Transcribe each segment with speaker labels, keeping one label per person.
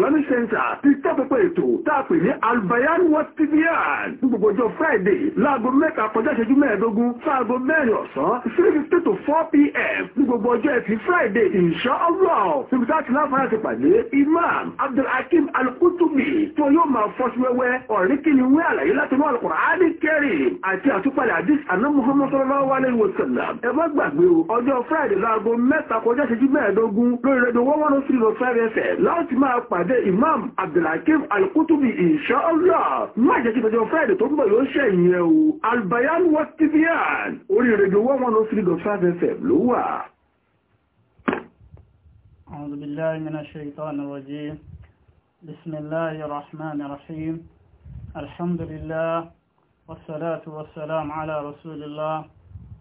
Speaker 1: islamic center ti tọ́pẹ́pẹ́ ètò tá ní albayan west tvr gbogbo
Speaker 2: ọjọ́ friday láago mẹ́ta kọjá ìṣẹ́jú mẹ́ẹ̀ẹ́dógún sáago mẹ́rin ọ̀sán three fifty to four pm ní gbogbo ọjọ́ ẹtì friday inshallah níbi tá a ti láǹfààní àti pàdé imam abdulhakeem alukutubi tó yóò máa fọ́sí wẹ́wẹ́ ọ̀rí kìíní wí àlàyé láti inú alukur'ani kẹrin àti àtúpalẹ̀ hadith àná muhammad ده امام عبد الحكيم القطبي ان شاء الله ما جيت في فايده تو بيو شيء او البيان والتبيان اريد رجوع من اصلي دو
Speaker 1: اعوذ بالله من الشيطان الرجيم بسم الله الرحمن الرحيم الحمد لله والصلاة والسلام على رسول الله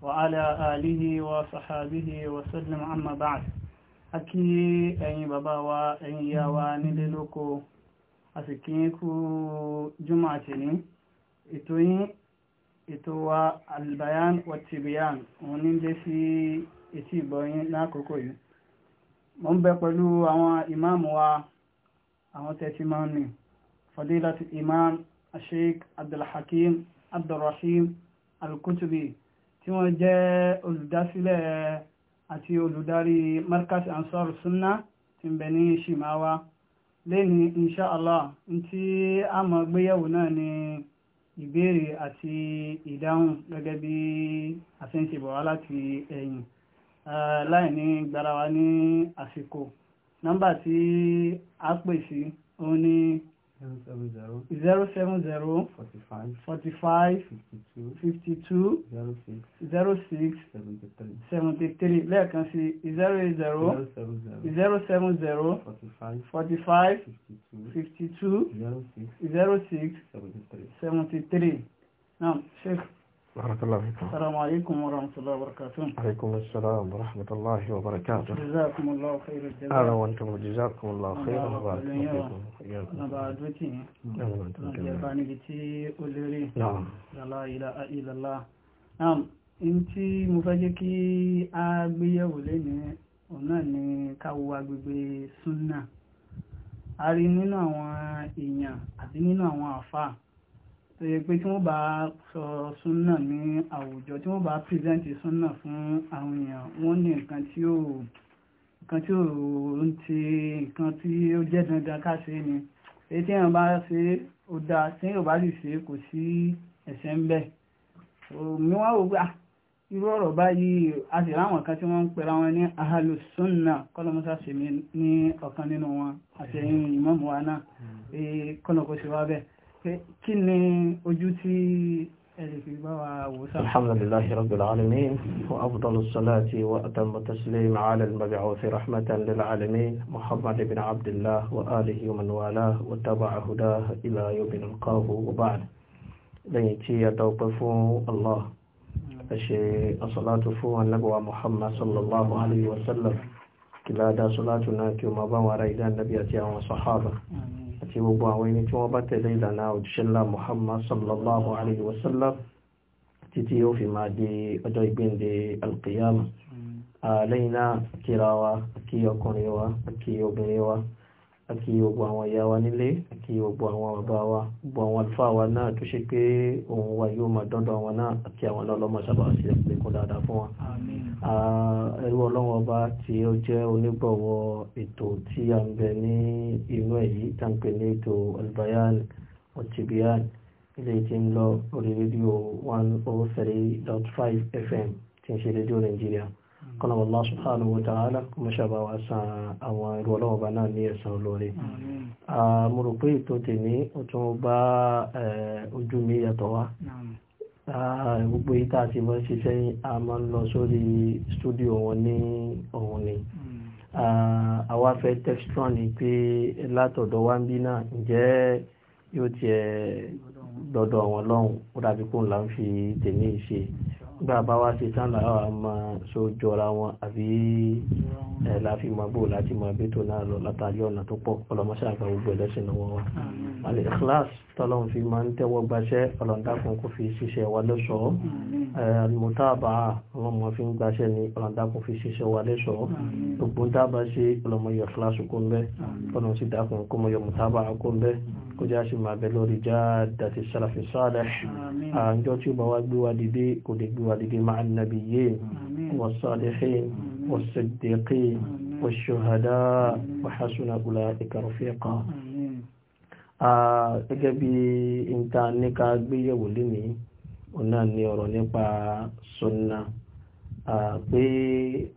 Speaker 1: وعلى آله وصحابه وسلم عما بعد akí ẹ̀yin bàbá wa ẹ̀yin ìyá wa nílé lóko a sì kí kú jùmọ̀ àtìní ètò yín ètò wa albayan wa tibiyan òun ní lé sí etí ìgbọ̀yìn lákòókò yìí mo ń bẹ pẹ̀lú àwọn ìmáàmù wa àwọn tẹ́tí máa ń nì fadilati imam sheikh abdulhakeem abdulrahim alkutubi tí wọ́n jẹ́ olùdásílẹ̀ àti olùdarí markaz ansar sunna tí ń bẹ ní shimawa lẹ́ni insha allah a máa gbéyàwó náà ni ìbéèrè àti ìdáhùn gẹ́gẹ́ bí a ṣe ń ṣe bọ̀ wá láti ẹ̀yìn láì ní gbarawa ní àsìkò nọ́mbà tí a pè sí òun ni zero seven zero forty five forty five fifty two zero six seventy three lẹ́ẹ̀kan sí zero eight zero zero seven zero forty five fifty two zero six seventy three now sheikh. بارك الله فيكم السلام عليكم ورحمة الله وبركاته
Speaker 2: عليكم السلام ورحمة الله وبركاته
Speaker 1: جزاكم الله خير الجزاء أهلا وأنتم
Speaker 2: جزاكم الله خير وبارك الله فيكم أنا
Speaker 1: بعدتي أنا بتي نعم
Speaker 2: لا إله إلا الله
Speaker 1: نعم أنت مفاجئكي أبي أولين ọ̀nà ni káwo agbègbè súnnà a rí nínú àwọn èèyàn àti nínú àwọn àfáà tó yẹ pé tí wọ́n bá sọ súnà ní àwùjọ tí wọ́n bá present súnà fún àwọn èèyàn wọ́n ní nǹkan tí ó nǹkan tí ó ń ti nǹkan tí ó jẹ́ dandan ká ṣe ni èyí tí èèyàn bá ṣe ó dáa tí èèyàn bá sì ṣe kò sí ẹ̀ṣẹ̀ ń bẹ̀ mi wá wò pé ah, irú ọ̀rọ̀ báyìí a sì ráwọn kan tí wọ́n ń pera wọn ní ahalu sunna kọ́lọ́mọ́sá sèmi ní ọ̀kan nínú wọn àti ẹ̀yìn ìmọ̀mù wa náà kọ́lọ́kọ́ sí wa bẹ́ẹ̀ kí ni ojú tí الحمد
Speaker 2: لله رب العالمين وأفضل الصلاة وأتم تسليم على المبعوث رحمة للعالمين محمد بن عبد الله وآله ومن والاه واتبع هداه إلى يوم نلقاه وبعد لنيتي يتوقف الله أشي الصلاة فو النبوة محمد صلى الله عليه وسلم كلا دا صلاتنا كما بان ورأينا النبي وصحابه àti gbogbo àwọn ẹni tí wọ́n bá tẹ̀lé ìlànà òjíṣẹ́ ńlá Muhammad sallallahu alaihi wasallam títí ó fi máa di ọjọ́ ìgbéǹde alqiyama lẹ́yìn náà kíra wa kí ọkùnrin wa kí obìnrin wa. àkí gbogbo àwọn ìyá wa nílé àkí gbogbo àwọn bàbá wa gbogbo àwọn àlùfáà wa náà tó ṣe pé òun wa yóò máa dọ́dọ̀ wọn náà àkí àwọn ọlọ́mọ sábà sí ẹ̀kún dáadáa fún wa. ẹrú ọlọ́wọ́ ọba tí ó jẹ́ onígbọ̀wọ́ ètò tí a ń bẹ ní inú ẹ̀ yìí tá ń pè ní ètò albayan otibian ilé tí ń lọ orí rédíò one oh three dot five fm tí ń ṣe rédíò nàìjíríà kọ́nà Allah subhanahu wa ta'ala kọ́mọ̀ ṣàbà wá san àwọn ìrù ọlọ́ọ̀bá náà ní ẹ̀san olóore mo rò pé ètò tèmi ó tún bá ojú mi yàtọ̀ wá gbogbo yìí a ti mọ́ ṣiṣẹ́ a máa ń lọ sórí stúdíò wọn ní ọ̀hún ni àwa fẹ́ textron ni pé látọ̀dọ̀ wá ń bí náà ǹjẹ́ yóò tiẹ̀ dọ́dọ̀ wọn lọ́hùn ó dàbí kó ńlá ń fi tèmi ṣe bàbá wa ṣe tán làwọn àmà ṣó jọra wọn àbí láfi máa bò láti máa bètò náà lọ látàrí ọ̀nà tó pọ̀ ọlọ́mọṣẹ́ àgbà gbogbo ẹlẹ́sìn lọ́wọ́ wa. al-ikhlas tọ́lọ́n fi máa ń tẹ́wọ́ gbaṣẹ́ ọ̀làǹdàkùn kò fi ṣiṣẹ́ wa lẹ́ṣọ́ àlùmọ́tàbà àwọn ọmọ fi ń gbaṣẹ́ ni ọ̀làǹdàkùn fi ṣiṣẹ́ wa lẹ́ṣọ́ gbogbo ń dábàá ṣe ọlọ́mọ yọ kíláàsì kó ń bẹ́ ọlọ́run sì dákun kó mọ yọ mọ́tàbà bẹ́ kó jẹ́ àṣì máa bẹ lórí jáde sàlàfin sọ́ọ̀lẹ̀ àjọ tí ó bá wá gbé wa dìde kò lè gbé wa dìde máa nàbì yé والصالحين والصديقين والشهداء وحسن أولئك رفيقا gẹ́gẹ́ bí nta níka gbéyẹ̀wò lénìí òun náà ni ọ̀rọ̀ nípa sunna pé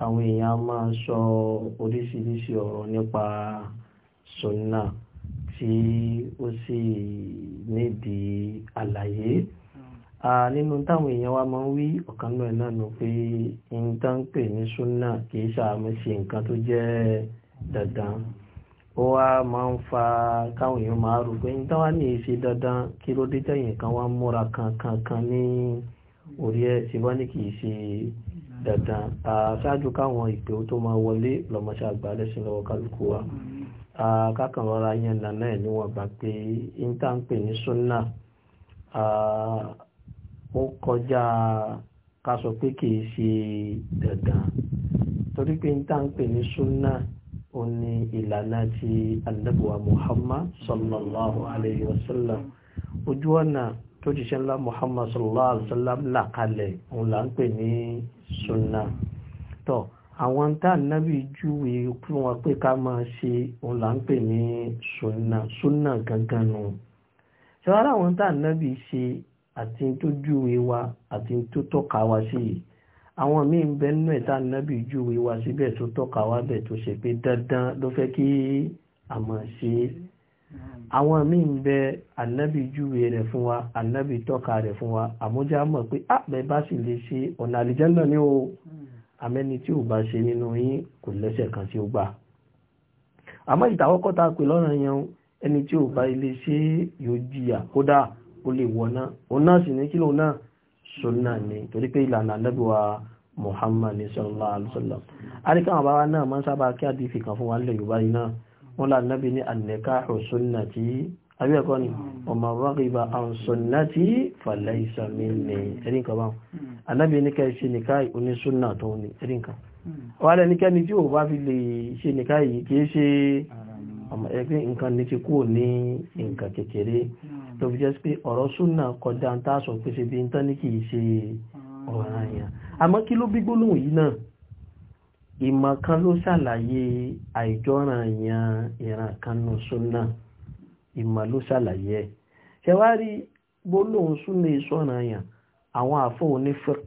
Speaker 2: àwọn èèyàn máa sọ oríṣiríṣi ọ̀rọ̀ nípa sunna tí ó sì nídìí àlàyé nínú táwọn èèyàn wa máa ń wí ọ̀kan náà náà nù pé nta ń pè ní sunna kì í nǹkan tó jẹ́ dandan ó wá máa ń fa káwọn èèyàn máa rò pé ní táwa ní ìṣe dandan kí ló dé tẹ̀yìn kan wá múra kankan kan ní orí ẹ̀ ṣe wá ní kì í ṣe dandan ṣáájú káwọn ìpè tó máa wọlé lọ́mọṣẹ́ àgbà lẹ́sìn lọ́wọ́ kálukú wa kákan rọra yẹn nàná ẹ̀ níwọ̀n gbà pé íńtánpè ní súnà ó kọjá ká sọ pé kì í ṣe dandan torí pé íńtánpè ní súnà ó ní ìlànà ti anabuwa muhammad sallallahu alayhi wa sallam ojú ọ̀nà tó ti ṣe ńlá muhammad sallallahu alayhi wa sallam là kalẹ̀ òun là ń pè ní sunna tó àwọn tá ànábì júwe fún wọn pé ká máa ṣe òun là ń pè ní sunna sunna gangan nù ṣe wá láwọn tá ànábì ṣe àti tó júwe wa àti tó tọ́ka wa sí yìí àwọn míì ń bẹ nínú ẹ̀ta nábì júwe wa síbẹ̀ tó tọ́ka wá bẹ̀ tó ṣe pé dandan ló fẹ́ kí a mọ̀ ṣe é àwọn míì ń bẹ ànábì júwe rẹ̀ fún wa ànábì tọ́ka rẹ̀ fún wa àmójá mọ̀ pé àpẹ ah, bá sì lè ṣe ọ̀nà àlìjẹ́nà ni o amẹ́ni tí ò bá ṣe nínú yín kò lẹ́sẹ̀ kan tí ó gbà àmọ́ ìtàwọ́kọ́ ta pè lọ́rọ̀ yẹn ẹni tí ò bá ilé ṣe yóò jìyà kódà ó lè wọ̀ náà òun náà sì ní kílò náà sunna ni torí pé ìlànà lẹ́bùwà Muhammad sallallahu alaihi wasallam àríkàwọn bàbá náà máa ń sábà kí àdìfì kan fún wa nílẹ̀ Yorùbá yìí náà wọ́n là nábi ní an-nikahu sunnati àbí ni ọmọ ẹgbẹ́ nǹkan ní ti kúrò ní nǹkan kékeré hmm. tó fi jẹ́ pé ọ̀rọ̀ súnà kọjá ń tà sọ pé ṣe bí ń tán ní kìí ṣe hmm. ọ̀ràn àyàn àmọ́ kí ló bí gbólóhùn yìí náà ìmọ̀ kan ló ṣàlàyé àìjọ́ràn yan ìran kan súnà ìmọ̀ ló ṣàlàyé ṣe wá rí gbólóhùn súnà ìṣọ̀ràn àyàn àwọn àfọ̀ onífẹ́k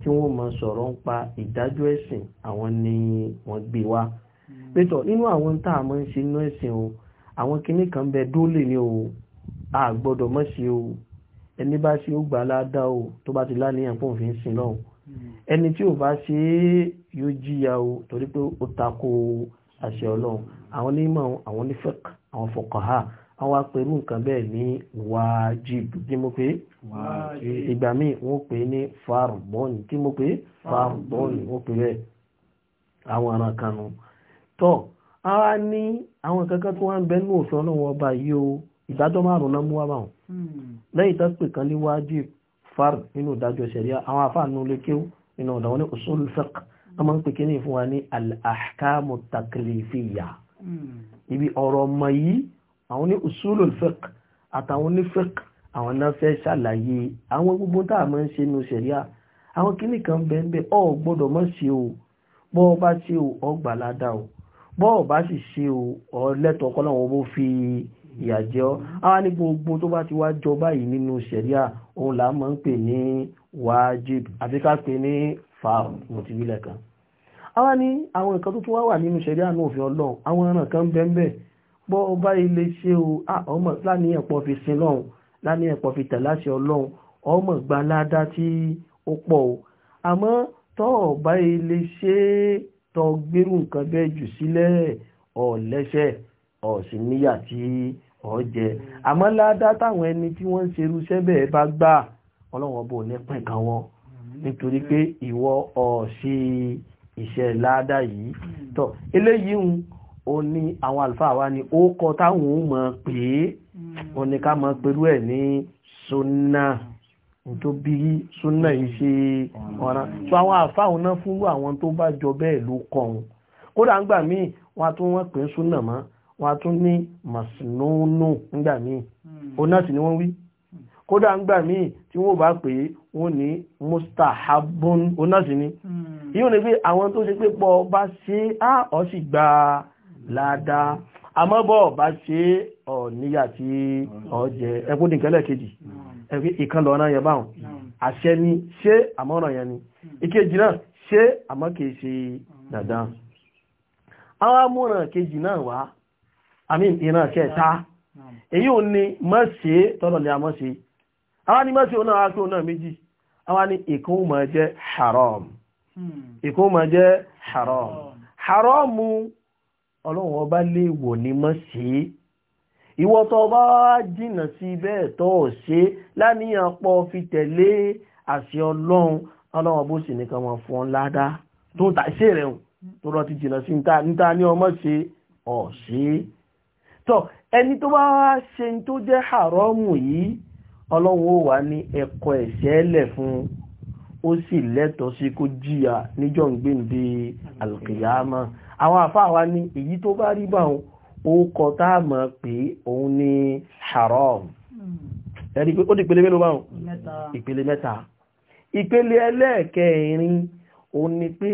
Speaker 2: tí wọ́n mọ sọ̀rọ̀ ń pa ìdájọ́ ẹ̀sìn àwọn ni wọ́n gbé wá pétọ̀ nínú àwọn tá a máa ń ṣe inú ẹ̀sìn o àwọn kinní kan bẹ dólè ni o a gbọ́dọ̀ mọ̀ ṣe o ẹni bá ṣe ó gbà ládá o tó bá ti láníyàn pọ̀ fi ń sin náà ẹni tí ò bá ṣe é yóò jìyà o torí pé ó tako àṣẹ ọlọ́run àwọn onímọ̀ àwọn onífẹ́k àwọn fọkànhá àwọn apẹ̀rú nǹkan tọ́ àwa ní àwọn kankan tó wá ń bẹ nínú òfin ọlọ́run ọba yìí o ìdájọ́ márùn náà mú wá báwọn hmm. lẹ́yìn tó pè kan ní wájib far nínú ìdájọ́ ṣẹ̀ríà àwọn afáànú lékéw nínú ọ̀dọ̀ wọn ní usul fiqh a máa ń pè kíní fún wa ní al-ahkamu taklifiyya hmm. ibi ọ̀rọ̀ ọmọ ọgbà ládàá o bọ́ọ̀ bá sì ṣe ò lẹ́tọ̀ ọkọ́láwọn owó fi ìyà jẹ́ ọ́ àwọn ní gbogbo tó bá ti wá jọ báyìí nínú ṣẹ̀ríà òun là máa ń pè ní wájib àfi ká pè ní fáwọn ti wílẹ̀ kan àwọn ní àwọn nǹkan tó tún wá wà nínú ṣẹ̀ríà náà òfin ṣe é tọ́ gbérù nǹkan bẹ́ẹ̀ jù sílẹ̀ ọ̀lẹ́sẹ̀ ọ̀sìn níyà tí ọ̀jẹ̀ àmọ́ ládá táwọn ẹni tí wọ́n ń ṣerú sẹ́bẹ̀ bá gbà ọlọ́run ọbọ̀ nípìn kan wọn nítorí pé ìwọ ọ̀sí iṣẹ́ ládá yìí tọ́ eléyìí ń o ní àwọn àlùfáà wa ni ó kọ táwọn ò mọ̀ pé ó ní ká mọ̀ pẹ̀lú ẹ̀ ní sunna tó bí súnà yìí ṣe ọ̀ràn so àwọn àfáàwọn náà fún àwọn tó bá jọ bẹ́ẹ̀ ló kọ òun kódà ńgbà míì wọn tún wọn pè súnà mọ́ wọn tún ní màsínúnù ńgbà míì hmm. òun náà sì ni wọ́n wí kódà ńgbà míì tí wọ́n bá pè é wọ́n ní mustahabun òun náà sì ni hmm. yíò ní pé àwọn tó ṣe pé pọ̀ bá ṣe á ọ́ sì gbà ládàá àmọ́ bọ̀ bá ṣe ọ̀ níyà tí ọ̀ jẹ ẹkún nìkẹ́lẹ̀ kejì. Hmm ẹ̀fí ìkan lọ́nà yẹ báhùn àṣẹ ni ṣé àmọ́ràn yẹn ni ìkejì náà ṣé àmọ́ kìí ṣe dandan àwọn amúràn kejì náà wá àmì ìran kẹta èyí ò ní mọ́ ṣe tọ́lọ̀lẹ́ àmọ́ ṣe ni mọ́ ṣe òun náà wá pé òun náà méjì àwọn ni ìkún mọ́ jẹ́ haram ìkún mọ́ haram haramu ọlọ́run ọba léèwọ̀ ni ìwọ tó bá jìnnà sí bẹ́ẹ̀ tó ṣe láníyàn pọ̀ fi tẹ̀lé àṣẹ ọlọ́run ọlọ́run bó sì nìkan wọn fún ọ ládàá tó ta ṣe rẹ̀ hùn tó rọ ti jìnnà sí níta ní ọmọ ṣe ọ̀ṣẹ́ tọ́ ẹni tó bá ṣe tó jẹ́ haramu yìí ọlọ́run ó wà ní ẹ̀kọ́ ẹ̀ṣẹ̀ lẹ̀ fún ó sì lẹ́tọ̀ọ́ sí kó jìyà níjọ́ ń gbèǹde àlùkìyàmọ́ àwọn àfáà wa ní èyí tó bá rí báwọn ókọ tá mọ̀ pé òun ni haram
Speaker 1: hmm.
Speaker 2: ẹni pé ó di ìpele mélòó báwọn ìpele mẹ́ta ìpele ẹlẹ́ẹ̀kẹrin òun ni pé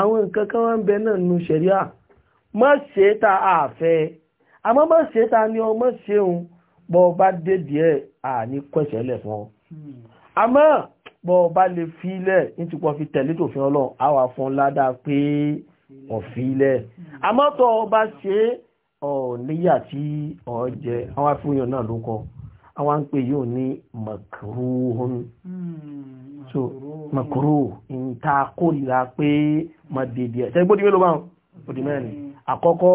Speaker 2: àwọn nǹkan kan wọ́n ń bẹ náà nu ṣẹ̀ríà má ṣe ta àfẹ́ àmọ́ má ṣe ta ni ọmọ ṣeun bọ́ bá dé díẹ̀ àní kọ́ṣẹ́ lẹ̀ fún ọ hmm. àmọ́ bọ́ bá lè fi ilẹ̀ nítorí wọ́n fi tẹ̀lé tòfin ọlọ́run àwa fún ládàá pé ọ̀fin ilẹ̀ hmm. àmọ́ ṣe é níyà tí ọ̀ jẹ àwọn afúnyàn náà ló kọ àwọn ń pè yóò ní makruhun hmm, so makruh nta kórìíra pé má dèdè ẹ̀ tẹ́gbó dìmẹ́ ló bá wọn dìmẹ́ ni hmm. àkọ́kọ́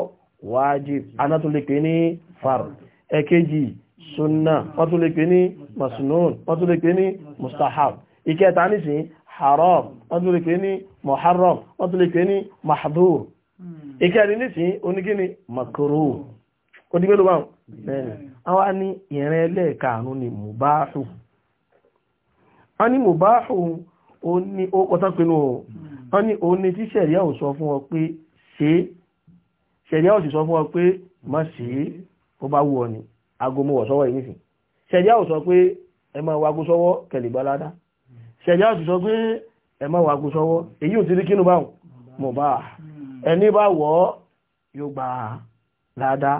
Speaker 2: wájib anátúnlẹ̀pẹ̀ ní fard ẹ̀kejì sunna wọ́n tún lè pè ní masnun wọ́n ní mustahab ìkẹta nísìn haram wọ́n tún lè pè ní muharram wọ́n tún ní mahdur ìkẹrin nísìn onígíní makoro ó di mélòó báwọn mẹ́rin àwọn ní ìrìn ẹlẹ́ẹ̀karùn ni mùbáhù a ní mùbáhù ó ní ó kọta pinnu o wọ́n ní òun ni tí sẹ̀ríà ò sọ fún ọ pé ṣe sẹ̀ríà ò sì sọ fún ọ pé má ṣe ó bá wù ọ ni agomowọ̀ sọ́wọ́ yìí nìsìn ṣẹ̀já ò sọ pé ẹ e máa wagó sọ́wọ́ kẹlìgbáládá ṣẹ̀já ò sì sọ pé ẹ e máa wagó sọ́wọ́ èyí ò ti rí kínú báhùn mọ̀ ẹni bá wọ̀ ọ́ yóò gbà á ládàá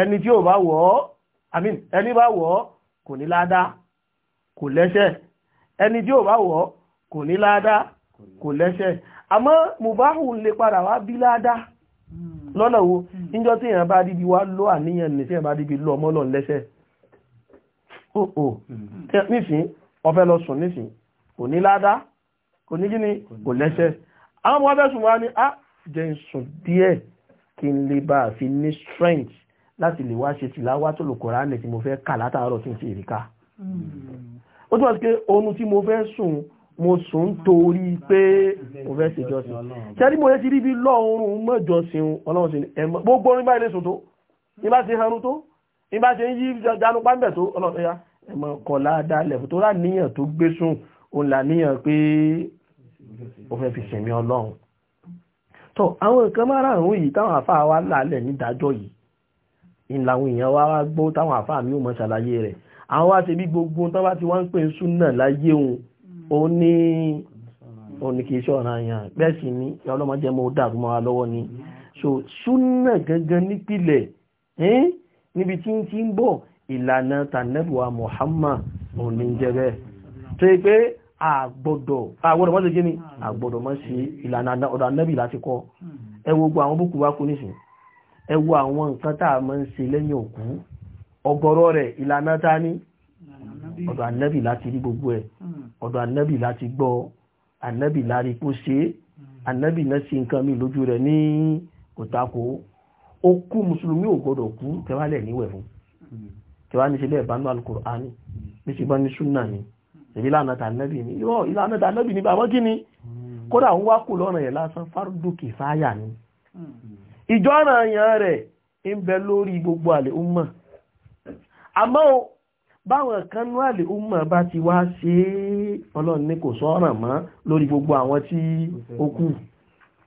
Speaker 2: ẹni tí ò bá wọ̀ ọ́ àmín ẹni bá wọ̀ ọ́ kò ní ládàá kò lẹ́sẹ̀ ẹni tí ò bá wọ̀ kò ní ládàá kò lẹ́sẹ̀ àmọ́ mubahu lè padà wá bí ládàá hmm. lọ́nà wo hmm. níjọ́ tí èèyàn bá díbi wá lọ àníyàn ní tí èèyàn bá díbi lọ ọmọ lọ lẹ́sẹ̀ òò hmm. nísìn ọfẹ́ lọ sùn nísìn kò ní ládàá kò ní gíní kò lẹ́sẹ̀ àwọn ọmọ ọfẹ́ sùn wá ní jẹ́ ń sùn díẹ̀ kí n lè bá a fi ní strength láti lè wá ṣe tìláwá tó lò kọ́ránì tí mo fẹ́ kà látàárọ̀ tí n ṣe ìríkà ó túnmọ̀ sí pé oorun tí mo fẹ́ sùn mo sùn torí pé mo fẹ́ ṣe jọ́sìn ṣẹ́rí mo yẹ ti rí bí lọ́ọ̀rùn mọ́jọ́sìn ọlọ́run sí ẹ̀mọ́ gbogbo orin báyìí lè sùn tó ní bá ṣe hanú tó ní bá ṣe ń yí jánu pàmbẹ̀ tó ọlọ́run ya ẹ̀mọ́ kọ̀lá dalẹ̀ tó rà níyàn tó gbé sùn òun là pé ó fẹ́ fi sẹ̀mí ọlọ́run tọ́ àwọn nǹkan márààrún yìí táwọn àfáà wa lálẹ̀ nídàájọ́ yìí ìlàwọn èèyàn wa wá gbọ́ táwọn àfáà mi ò mọ̀ ṣàlàyé rẹ̀ àwọn wá ṣe bí gbogbo tán bá ti wá ń pè súnà láyé òun ó ní oníkèéṣọ́ ọ̀ràn àyàn bẹ́ẹ̀ ni ọlọ́mọdé mọ́ dàrú mọ́ wa lọ́wọ́ ni àgbọ̀dọ̀ àgbọ̀dọ̀ mọ́sí gíní àgbọ̀dọ̀ mọ́sí ìlànà ọ̀dọ̀ anẹ́bì láti kọ́ ẹ wo gbogbo àwọn búkú wá kú nísìn ẹ wo àwọn nǹkan tá a máa ń ṣe lẹ́yìn òkú ọ̀gọ̀rọ̀ rẹ̀ ìlànà ta ní ọ̀dọ̀ anẹ́bì láti rí gbogbo ẹ̀ ọ̀dọ̀ anẹ́bì láti gbọ́ anẹ́bì láti kó ṣe anẹ́bì náà ṣe nǹkan mi lójú rẹ̀ ní kòtàkó ó kú mùsùlùmí ò gbọdọ̀ kú tẹ́wálẹ̀ níwẹ̀ fún tẹ́wálẹ̀ níṣẹ́ bẹ́ẹ̀ alukur'ani níṣẹ́ bá ní súnà ìlànà tànẹ́bì ni yọ́ ìlànà tànẹ́bì ni bàbá kí ni hmm. kódà ń wá kù lọ́nà yẹ̀ lásán fárúdù kìfáyà ni hmm. ìjọ́ràn yàn rẹ̀ ń bẹ lórí gbogbo àlè umma àmọ́ báwọn kan ní àlè umma bá ti wá ṣe ọlọ́run ní kò sọ́ràn mọ́ lórí gbogbo àwọn tí ó kù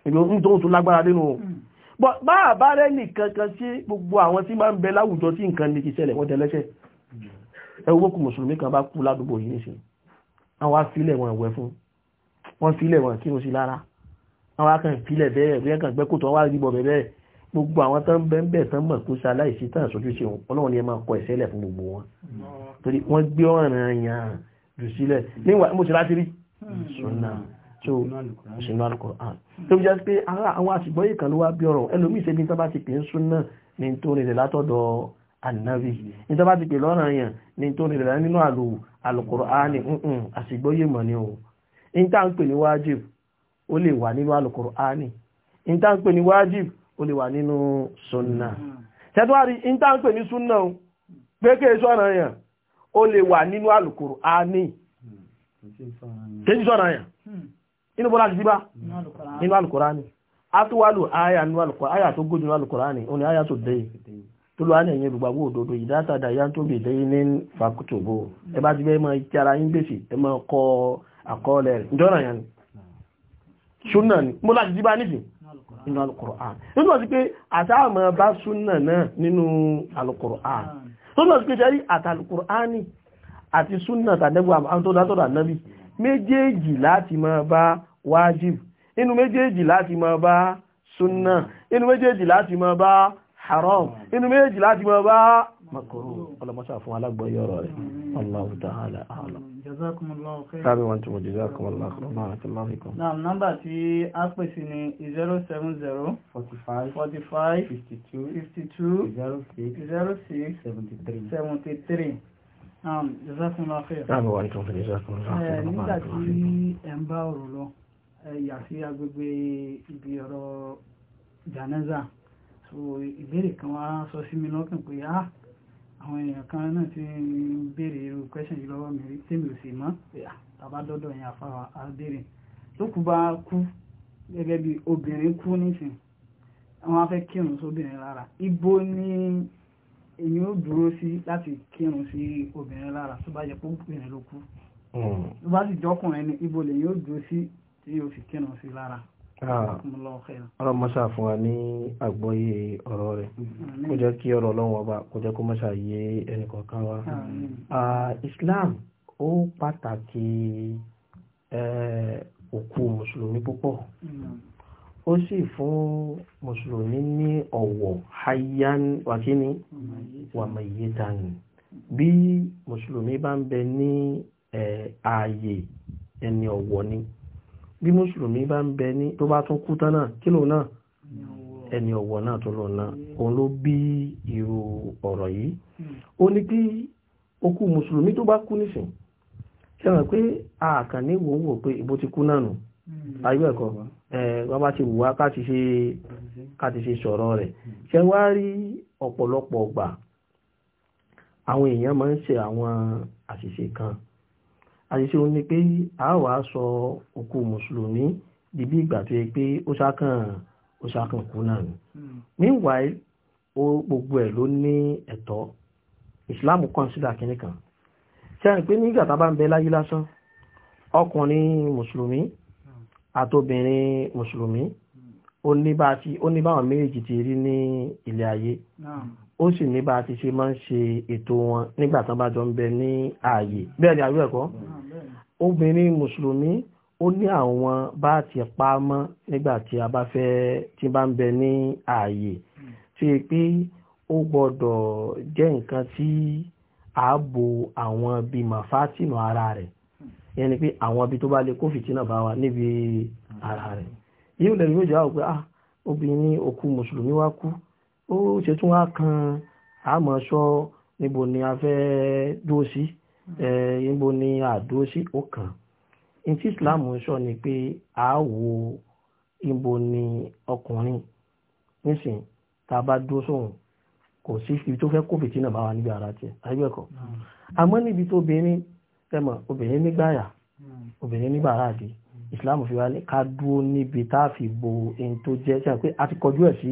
Speaker 2: nítorí tó lágbára nínú hmm. bá àbárẹ́ nìkan kan sí gbogbo àwọn tí máa ń bẹ láwùjọ tí nǹkan ní àwọn afílẹ̀ wọn ìwẹ̀ fún wọ́n fílẹ̀ wọn kí o sí lára àwọn akàn ìpìlẹ̀ bẹ́ẹ̀ bí ẹ̀kàn gbẹ́kù tó wá rígbọ̀ bẹ́ẹ̀ gbogbo àwọn tán bẹ́ẹ̀ tán mọ̀ kó ṣaláìsí tán sójú ṣe ọlọ́run ni ẹ máa kọ ìṣẹ́lẹ̀ fún gbogbo wọn torí wọ́n gbé ọ̀ràn yàn jù sílẹ̀ níwà mo ṣe láti rí sunna tó ṣùnà alukur'an tó fi jẹ́ pé àwọn àṣìgbọ́yé kan ló wá bí ọ̀rọ̀ ẹlòmíì ṣe bí tán bá ti pè ń sunna ànábì ní tọ́bá ti pè lọ́rọ̀ ni ní tó rí rẹ̀ nínú alùkùránì nǹkan ni o ní tá ń pè ní wájib ó lè wà nínú alùkùránì ní tá ni pè o sunna o pé kéè sọ̀rọ̀ yẹn ó lè wà nínú alùkùránì kéè sọ̀rọ̀ yẹn inú bọ́lá ti bá nínú aya tó lọ́wọ́ àlẹ́yìn olùgbàgbọ́ òdodo ìdásàdà yá tó lè lẹ́yìn ní fàkútòbó ẹ bá ti bẹ́ẹ̀ máa jára yín gbèsè ẹ máa kọ àkọọ́lẹ̀ rẹ̀ ìjọ́nà yẹn ṣúnà ni mo láti jíbá nífin nínú alukur'an nínú ọ̀sí pé àtàwọn bá ṣúnà náà nínú alukur'an nínú ọ̀sí pé jẹ́rí àtàlukur'ani àti ṣúnà tàdẹ́gbà àtọ́dátọ́dà nábì méjèèjì láti máa bá wájib inú méjèèjì láti máa bá ṣúnà inú méjèèjì láti máa haram inú méjì láti mọ́ bá makoro ọlọ́mọ́sá fún alágbọ́yọ̀ ọ̀rọ̀ rẹ̀ Allahu ta'ala a'lam
Speaker 1: jazakumullahu
Speaker 2: khairan sábẹ́ wọn tí mo jazakumullahu khairan náà àti lọ́fíkọ́
Speaker 1: náà nọ́mbà tí a pè sí ni 070 45 45 52 52 06 06 73 73 jazakumullahu khairan sábẹ́ wọn tí mo
Speaker 2: jazakumullahu khairan nígbà tí
Speaker 1: ẹ ń bá ọ̀rọ̀ lọ yà sí agbègbè ibi ọ̀rọ̀ janaza so ìbéèrè kan wá sọ sí mi lọ́kàn pé ah àwọn èèyàn kan náà ti ń béèrè irú question yìí lọ́wọ́ mi rí tèmi ò sì mọ̀ ah, tàbá dọ́dọ̀ yẹn àfáwà àbèrè tó kú bá kú gẹ́gẹ́ bí obìnrin kú nísìn àwọn afẹ́ kírun sóbìnrin lára ibo ni èyí ó dúró sí láti kírun sí obìnrin lára tó bá jẹ́ pé obìnrin ló kú hmm. tó bá sì jọkùnrin ni ibo lèyìn ó dúró sí tí yóò fi kírun sí lára ọ̀rọ̀
Speaker 2: mọ́sá fún wa ní àgbọ́yé ọ̀rọ̀ rẹ̀ kó jẹ́ kí ọ̀rọ̀ ọlọ́run ọba kó jẹ́ kó mọ́sá yé ẹnìkọ̀ọ̀kan wa Islam ó pàtàkì òkú mùsùlùmí púpọ̀ ó sì fún mùsùlùmí ní ọ̀wọ̀ hayyan wàkíní wàmẹ̀yẹ́tàn bí mùsùlùmí bá ń bẹ ní ààyè ẹni ọ̀wọ̀ ni. Mm bí mùsùlùmí bá ń bẹ ní tó bá tún kú tán náà kí lòun náà ẹni ọ̀wọ̀ náà tó lòun náà òun ló bí irú ọ̀rọ̀ yìí ó ní bí okú mùsùlùmí tó bá kú nísìn ṣe mọ̀ pé àkànní wò ń wò pé ibo ti kú náà nù hmm. àyíbẹ̀ kọ wọ́n bá ti wù wá ká ṣe sọ̀rọ̀ rẹ̀ ṣe wá rí ọ̀pọ̀lọpọ̀ ọgbà àwọn èèyàn máa ń ṣe àwọn àṣìṣe kan àṣìṣe òun ni pé a wà á sọ òkú mùsùlùmí di bí ìgbà tó yẹ pé ó ṣàkàn ó ṣàkàn kú náà ni. Hmm. meanwhile ó gbogbo ẹ̀ ló ní ẹ̀tọ́ Islam consider kínní kan ṣe àrùn pé nígbà tá a bá ń bẹ láyé lásán ọkùnrin mùsùlùmí hmm. àtobìnrin mùsùlùmí hmm. ó ní bá àwọn méjèèjì ti rí ní ilé ayé ó sì ní bá a ti ṣe máa ń ṣe ètò wọn nígbà tán bá jọ ń bẹ ní ààyè bẹ́ẹ̀ ni àbí ẹ̀kọ́ obìnrin mùsùlùmí ó ní àwọn bá a ti pa á mọ́ nígbà tí a bá fẹ́ tí bá ń bẹ ní ààyè tí pé ó gbọ́dọ̀ jẹ́ nǹkan tí ààbò àwọn bíi màfátìnà ara rẹ̀ yẹn ni pé àwọn ibi tó bá lè kó fìtínà bá wa níbi ara rẹ̀ yíò lẹ́nu yóò jẹ́ àwọn pé ah obìnrin òkú mùsùlùmí wá kú ó ṣe tún wá kan àmọ́ sọ níbo ni a fẹ́ dúró sí níbo ni àdúró sí ó kàn ní tí Islam sọ ni pé a wo níbo ni ọkùnrin nísìn tá a bá dúró sóhun kò sí ibi tó fẹ́ kó fìtínà bá wa níbi ara tiẹ̀ ayébẹ̀kọ́ hmm. àmọ́ níbi tó obìnrin tẹmọ̀ obìnrin nígbàyà hmm. obìnrin nígbàrá àdé hmm. Islam fi wá ní ká dúró níbi tá a fi bo ẹni tó jẹ́ sẹ́yìn pé a ti kọjú ẹ̀ sí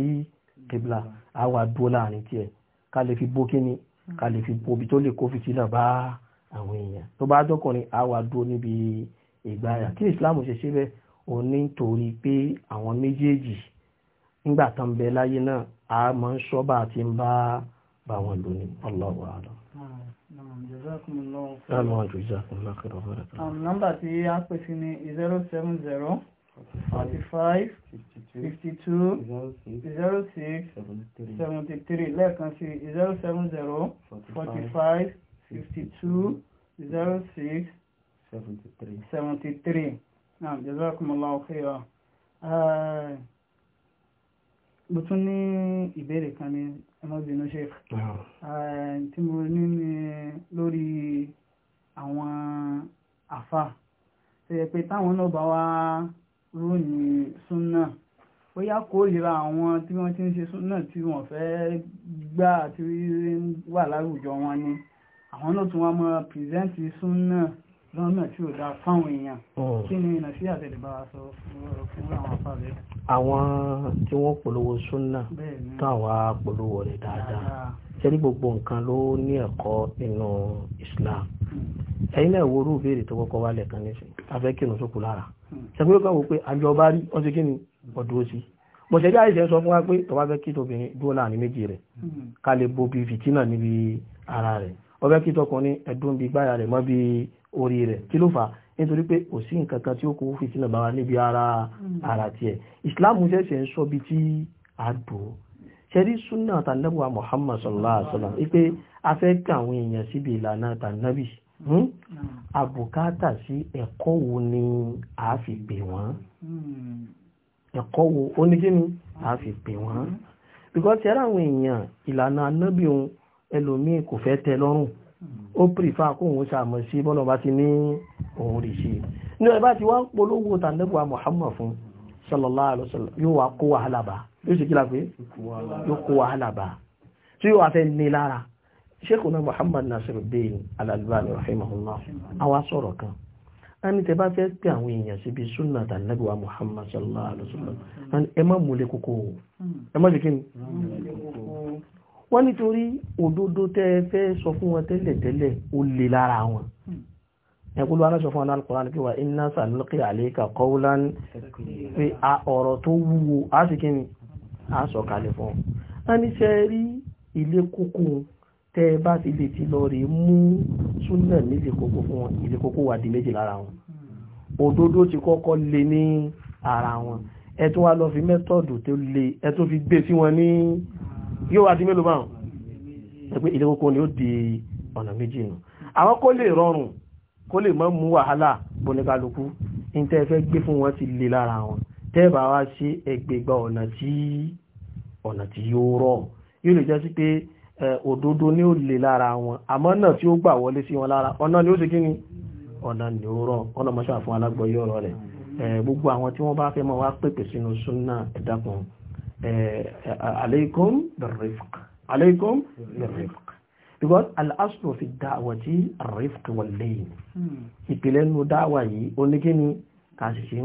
Speaker 2: kébìlà á wà dúró láàrin tiẹ̀ ká lè fi bó kíni ká lè fi bobi tó lè kó fìtínà bá àwọn èèyàn tó bá dọ́kùnrin á wà dúró níbi ìgbáyà kí Islam ṣe ṣe bẹ́ẹ̀ ò ní torí pé àwọn méjèèjì nígbà tán bẹ láyé náà a máa ń sọ́bà àti ń bá bá wọn lò ní ọlọ́wọ́ àlọ́.
Speaker 1: Nọ́mbà tí a pè sí ni zero seven zero. Forty-five, fifty-two, 45 52 06 73 lẹ́ẹ̀kan sí 070 45 52 06 73 náà jazakumullahu khairan ah, mo tún ní ìbéèrè kan ní ọmọbìnrin sheikh ah. Ah, tí mo ní ní lórí àwọn àfà tó yẹ pé táwọn náà bá wá ròyìn súnà bóyá kórìíra àwọn tí wọ́n ti ń ṣe súnà tí wọ́n fẹ́ gbà tí wà láwùjọ wọn ni àwọn náà tún wá mọ pìrìsẹ́ǹtì súnà lọ́nà tí ó dá fáwọn èèyàn hmm. kí ni ìnà sí àtẹ̀lẹ̀bá sọ fún àwọn afárẹ́
Speaker 2: àwọn tí wọ́n polówó súnà táwa polówó rẹ̀ dáadáa sẹ́ni gbogbo nǹkan ló ní ẹ̀kọ́ nínú Islam hmm. ẹ̀yin náà wo orú ìbéèrè tó kọ́kọ́ wálẹ̀ kan nísìnyí afẹ́kìnnù sókù lára ṣẹ̀gbọ́n kan wò pé àjọ ọba rí wọ́n kí ni ọ̀dọ́ sí mọ̀ṣẹ̀dí àìsẹ̀ sọ fún wa pé tọba fẹ́ kí tóbìnrin dúró láàrin méjì rẹ̀ ká lè bo bí fìtínà níbi ara rẹ̀ ọbẹ̀ kí tọkùnrin ẹ̀dùn bí gbáyà rẹ̀ mọ́ bí orí rẹ̀ kí ló fà nítorí pé kò sí nǹkan kan tí ó kó fìtínà bá wa níbi ara ara tiẹ̀ Islam ṣẹ̀ṣẹ̀ ń sọ bí tí a dùn ṣẹ́rí súnà tànàbùwà Muhammad sallallahu alaihi wasallam wípé a fẹ́ kí àwọn èèyàn síbi ìlànà tànàbì Hmm? Hmm. àbùkátà sí ẹ̀kọ́ wo ni a fi pè wọ́n hmm. ẹ̀kọ́ wo ó ní kíni a fi pè wọ́n because ẹ̀rọ àwọn èèyàn ìlànà anábì òun ẹlòmíì kò fẹ́ tẹ́ lọ́rùn ó pìrìfà kó òun ṣàmọ̀ sí bọ́lọ̀ bá ti ní òun rì ṣe ní ọ̀rẹ́ bá ti wá ń polówó tàǹdẹ́bù wa Muhammad fún sallallahu alaihi wasallam yóò wá kó wàhálà bá yóò ṣe kí la pé yóò kó wàhálà bá tí yóò wá fẹ́ ní lára Sheikhuna Muhammad Nasiruddin Al-Albani rahimahullah àwa sọ̀rọ̀ kan a ní tẹ bá fẹ́ pé àwọn èèyàn síbi súnà tànàbí wa Muhammad sallallahu alaihi wasallam ẹ má múlé kókó ẹ má jìkín wọ́n nítorí òdodo tẹ́ fẹ́ sọ fún wọn tẹ́lẹ̀ tẹ́lẹ̀ ó lè lára wọn ẹkùn lọ́wọ́ aláṣọ fún aláàkùnrin kí wà iná sàlọ́kì àlékà kọ́wọ́lán pé a ọ̀rọ̀ tó wúwo a sì kí ni a sọ kalẹ̀ fún wọn a ní sẹ́rí ilé kókó tẹ́ ẹ bá ti lè ti lọ rèé mú súnà nílé kókó fún wọn ilé kókó wà di méjì lára wọn òdodo ti kọ́kọ́ lé ní ara wọn ẹ tún wá lọ fi mẹ́tọ̀dù tó lé ẹ tún fi gbé sí wọn ní yóò wá di mélòó báwọn ẹ pé ilé kókó ni ó di ọ̀nà méjì nù àwọn kó lè rọrùn kó lè má mú wàhálà bóníkálukú ní tẹ́ ẹ fẹ́ gbé fún wọn ti lé lára wọn tẹ́ ẹ bá wá sí ẹgbẹ̀gbà ọ̀nà tí ọ̀nà tí yóò rọ̀ yóò lè jẹ́ sí pé òdodo ní ó lè lára wọn àmọ́ náà tí ó gbà wọlé sí wọn lára ọ̀nà ni ó sì kíni ọ̀nà ni ó rọ ọ̀nà mọ́ṣà fún alágbọ̀yé ọ̀rọ̀ rẹ̀ gbogbo àwọn tí wọ́n bá fẹ́ mọ́ wá pèpè sínú súnà ẹ̀dàkùn aleikum birrifq aleikum birrifq because al-aslu fi da'wati ar-rifq wal-layn ìpìlẹ̀ nínú dáwà yìí ó ní kíni ká sì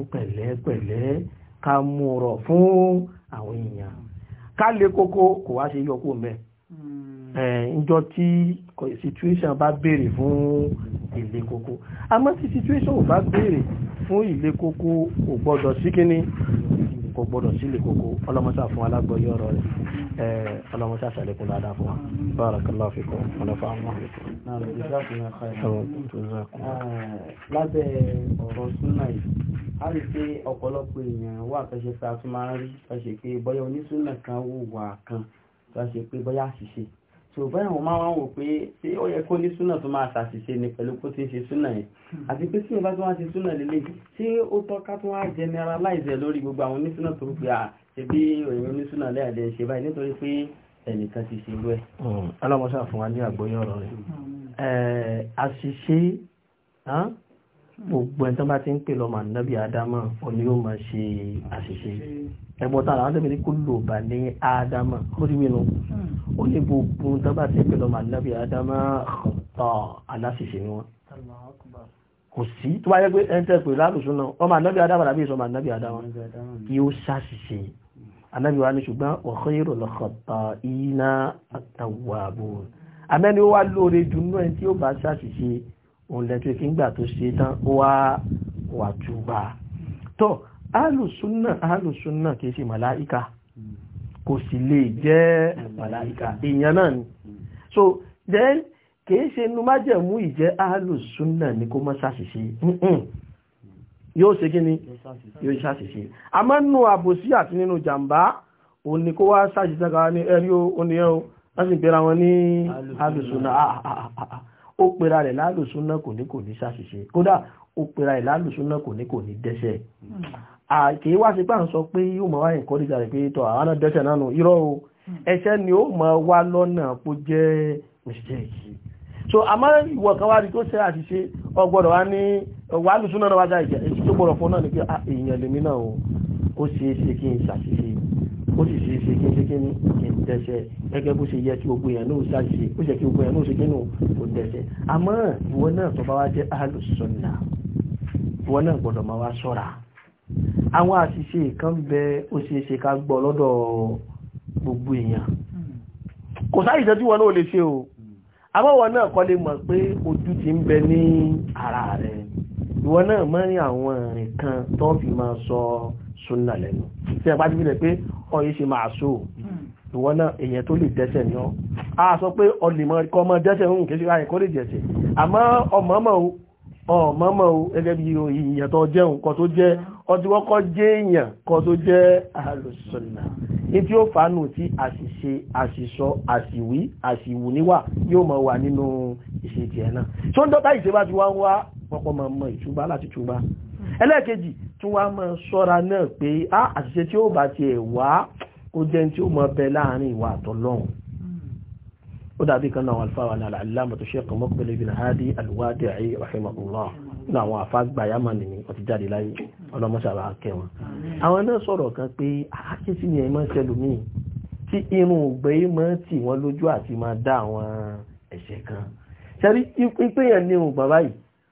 Speaker 2: kò wá ṣe yọkú mẹ́ẹ̀ ìjọ tí situation bá béèrè fún ilé kókó àmọ́ tí situation ò bá béèrè fún ilé kókó ò gbọ́dọ̀ sí kíní kò gbọ́dọ̀ sí ilé kókó ọlọ́mọsá fún alágbọ́yé ọ̀rọ̀ rẹ̀ ọlọ́mọsá sàlékún dáadáa fún wa barakallahu fikum ọlọ́fà àwọn lábẹ́ ọ̀rọ̀ súnà yìí a rí pé ọ̀pọ̀lọpọ̀ èèyàn wà fẹsẹ̀ fẹ́ a tún máa rí fẹsẹ̀ pé bọ́yá onísúnà kan wò wà kan tó ṣe pé bóyá àṣìṣe tó bẹ́ẹ̀ wọ́n máa ń wò pé ṣé ó yẹ kó ní súnà tó máa ṣàṣìṣe ni pẹ̀lú kó ti ṣe súnà yẹn àti pé tí ìbá tó wá ṣe súnà lélẹ̀ ṣé ó tọ́ ká tó wá generalize lórí gbogbo àwọn onísúnà tó gbé à ṣe bí òyìnbó onísúnà lẹ́yàdẹ̀ ṣe báyìí nítorí pé ẹnìkan ti ṣe wẹ́. ọlọ́mọṣà fún wa ní àgbóyọ̀ rẹ̀ àṣìṣe gbogbo ẹni tó bá ti ń pè lọ́mọ ànábì ádámà ó ní yóò máa ṣe àṣìṣe ẹgbọ́n tára àwọn tẹ́bí kó lò bá ní ádámà ó rí wínú ó ní gbogbo tó bá ti ń pè lọ́mọ ànábì ádámà tọ́ aláṣìṣe ni wọ́n kò sí tó bá yẹ pé ẹni tẹ́ pè lálùsùn náà ọmọ ànábì ádámà tàbí ìsọmọ ànábì ádámà yóò ṣàṣìṣe ànábì wa ní ṣùgbọ́n wa khayrul khatta'ina at-tawwabun amẹ́ni ó wá lóore jù náà tí ó bá ṣàṣìṣe òun lẹ́tọ́ kí ngbà tó ṣe tán wá wà túbà tó alùsúnà alùsúnà kìí ṣe màláìka kò sì lè jẹ́ màláìka èèyàn náà ni so then kìí ṣe inú májẹ̀mú ìjẹ́ alùsúnà ni kó má ṣàṣìṣe yóò ṣe kí ni yóò ṣàṣìṣe àmọ́ nínú àbòsí àti nínú jàǹbá òun ni kó wá ṣàṣìṣe kan ní ẹ̀rí oníyẹn wọ́n sì ń wọn ní alùsúnà ó pera rẹ̀ lálùsúnà kò ní kò ní ṣàṣìṣe kódà ó pera rẹ̀ lálùsúnà kò ní kò ní dẹ́ṣẹ̀ hmm. àkèé wá sí pà ń sọ pé yóò mọ̀ wá ìkọ́díjà rẹ̀ pé tọ́ àwọn náà dẹ́ṣẹ̀ náà nù irọ́ o hmm. ẹ̀ṣẹ̀ ni ó mọ̀ wá lọ́nà kó jẹ́ òṣìṣẹ́ yìí so àmọ́ ìwọ̀ kan wá rí tó ṣe àṣìṣe ọgbọ́dọ̀ wá ní wàálùsúnà náà wájá ìjà èyí tó gbọ́dọ̀ fún náà ni pé ah, èèyàn lèmi náà o ó ṣeé ṣe kí n ṣàṣìṣe ó sì ṣe ṣe kí n ṣe kí ni kí n dẹ́ṣẹ̀ gẹ́gẹ́ bó ṣe yẹ kí gbogbo èèyàn náà ṣàṣe ó ṣe kí gbogbo èèyàn náà ṣe kí nù kò dẹ́ṣẹ̀ àmọ́ ìwọ náà tó bá wá jẹ́ alùsọ̀nà ìwọ náà gbọ́dọ̀ máa wá ṣọ́ra àwọn àṣìṣe kan bẹ ó ṣe ṣe ká gbọ́ lọ́dọ̀ gbogbo èèyàn kò sáyì ìṣẹ́jú wọn náà lè ṣe o àmọ́ wọn náà kọ́ lè mọ̀ pé ojú ti ń bẹ ní ara rẹ̀ ìwọ náà mọ́rin àwọn ìrìn kan tó fi máa sọ súnà lẹ́nu tí ẹ̀pá ti fi lẹ̀ pé ọyí ṣe máa so hmm. ìwọ náà èèyàn tó lè dẹ́sẹ̀ ni ọ́ a sọ pé ọlìmọ̀ ọmọ dẹ́sẹ̀ ń kéṣe ayẹ̀ kó lè jẹ̀sẹ̀ àmọ́ ọmọọmọ o ọmọọmọ o gẹ́gẹ́ bí ìyẹn tó jẹun kọ tó jẹ́ ọtí wọ́n kọ́ jẹ́ èèyàn kọ tó jẹ́ àlùsùnà ní tí ó fàánù tí àṣìṣe àṣìṣọ àṣìwí àṣìwù níwà yóò tún wá máa ṣọ́ra náà pé á ah, àṣìṣe tí ó bá ti ẹ̀ wá kó jẹ́ tí ó mọ bẹ láàrin ìwà àtọ́lọ́hun ó dàbí kan náà alfáwà náà aláàmọ̀tò Sheikh Muqbil ibn Hadi al-Wadi'i rahimahullah ní àwọn àfágbà yamani ni ọ̀tí jáde láyé ọlọ́mọṣàlá kẹwọn àwọn náà sọ̀rọ̀ kan pé àkíyèsí ṣẹ́rí pípéyàn ní irun bàbá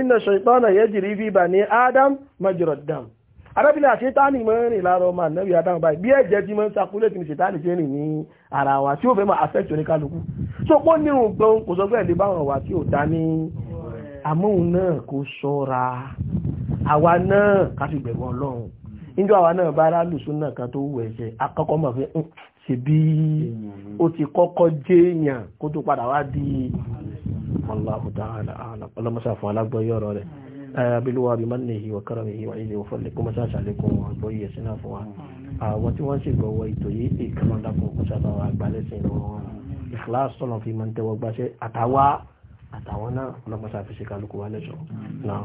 Speaker 2: inna shaitana yajri fi bani adam majra dam arábìnrin àti ṣètáàni la rìn lára ọmọ ànábì adam báyìí bí ẹ̀jẹ̀ tí mọ́ ń sakúlẹ̀ tí ṣètáàni ṣe rìn ní ara wa tí ó fẹ́ máa affect oníkálukú so pọ́ nírun gbọ́n kò sọ pé ẹ̀dẹ̀ báwọn wà tí ò dá ní àmóhun náà kò ṣọ́ra àwa náà ká fi bẹ̀rù ọlọ́run níjọ́ àwa náà bá rálùsùn náà kan tó wù ẹ̀ṣẹ̀ akọ́kọ́ mọ̀ fẹ́ ṣe bí ó ti kọ́kọ́ jẹ́yàn kó tó padà wá di wallahu ta'ala a'lam ọlọ́mọṣà fún alágbọ́yé ọ̀rọ̀ rẹ̀ abilúwa bí mannihi wa karamihi wa ilé òfòlè kó mọ́ṣá ṣàlékún àgbọ́yé ẹ̀sìn náà fún wa àwọn tí wọ́n sì gbọ́wọ́ ètò yìí ìkànnà dákun kó sábà wà gbálẹ́sìn lọ́wọ́ wọn ìfìlàsì tọ́lọ̀ fi máa ń tẹ́wọ́ gbáṣẹ́ àtàwá àtàwọn náà ọlọ́mọṣà fi ṣe kálukú wa lẹ́sọ̀ náà.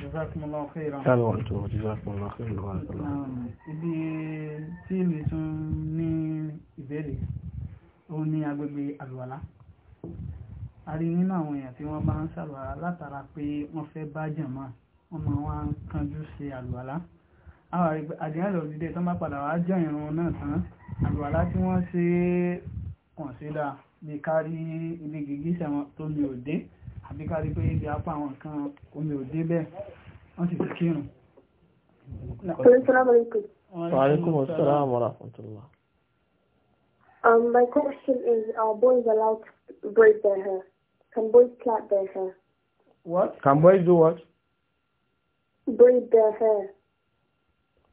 Speaker 1: jazakumullahu khairan. sábà wà tó
Speaker 2: jazakumullahu khairan wà
Speaker 1: ibi tí mi tún ní ìbéèrè ó ní agbègbè àlùwàlá a rí nínú àwọn èèyàn tí wọ́n bá ń ṣàlùwàlá látara pé wọ́n fẹ́ bá jàmá wọ́n máa wá ń kanjú ṣe àlùwàlá àwọn àdéhùn lọ dídé tó ń bá padà wá jẹ́ ìrun náà tán àlùwàlá tí wọ́n ṣe kàn sí dáa bí kárí ibi gìgísẹ̀ wọn tó mi ò dé àbí kárí pé ibi apá àwọn kan omi ò dé bẹ́ẹ̀ wọ́n sì fi kírun.
Speaker 2: Wa alaikum assalam wa Um, my question is, are boys allowed to braid their hair? Can boys plait their hair? What?
Speaker 1: Can boys do what? Braid their hair.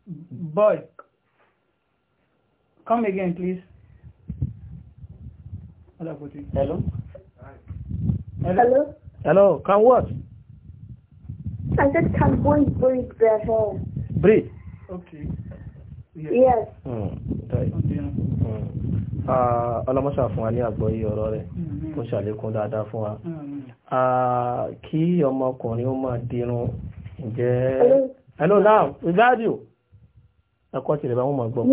Speaker 1: Boy. Come again, please.
Speaker 2: Hello? Hello? Hello? Hello, can what?
Speaker 3: I said can boys braid their hair? Braid? Okay. Yes. yes.
Speaker 2: Mm. ọlọ́mọ́sà fún wa ní àgbọ́yé ọ̀rọ̀ rẹ̀ kó ṣàlékún dáadáa fún wa kí ọmọkùnrin ó máa dirun ǹjẹ́ hello now bá wọ́n máa gbọ́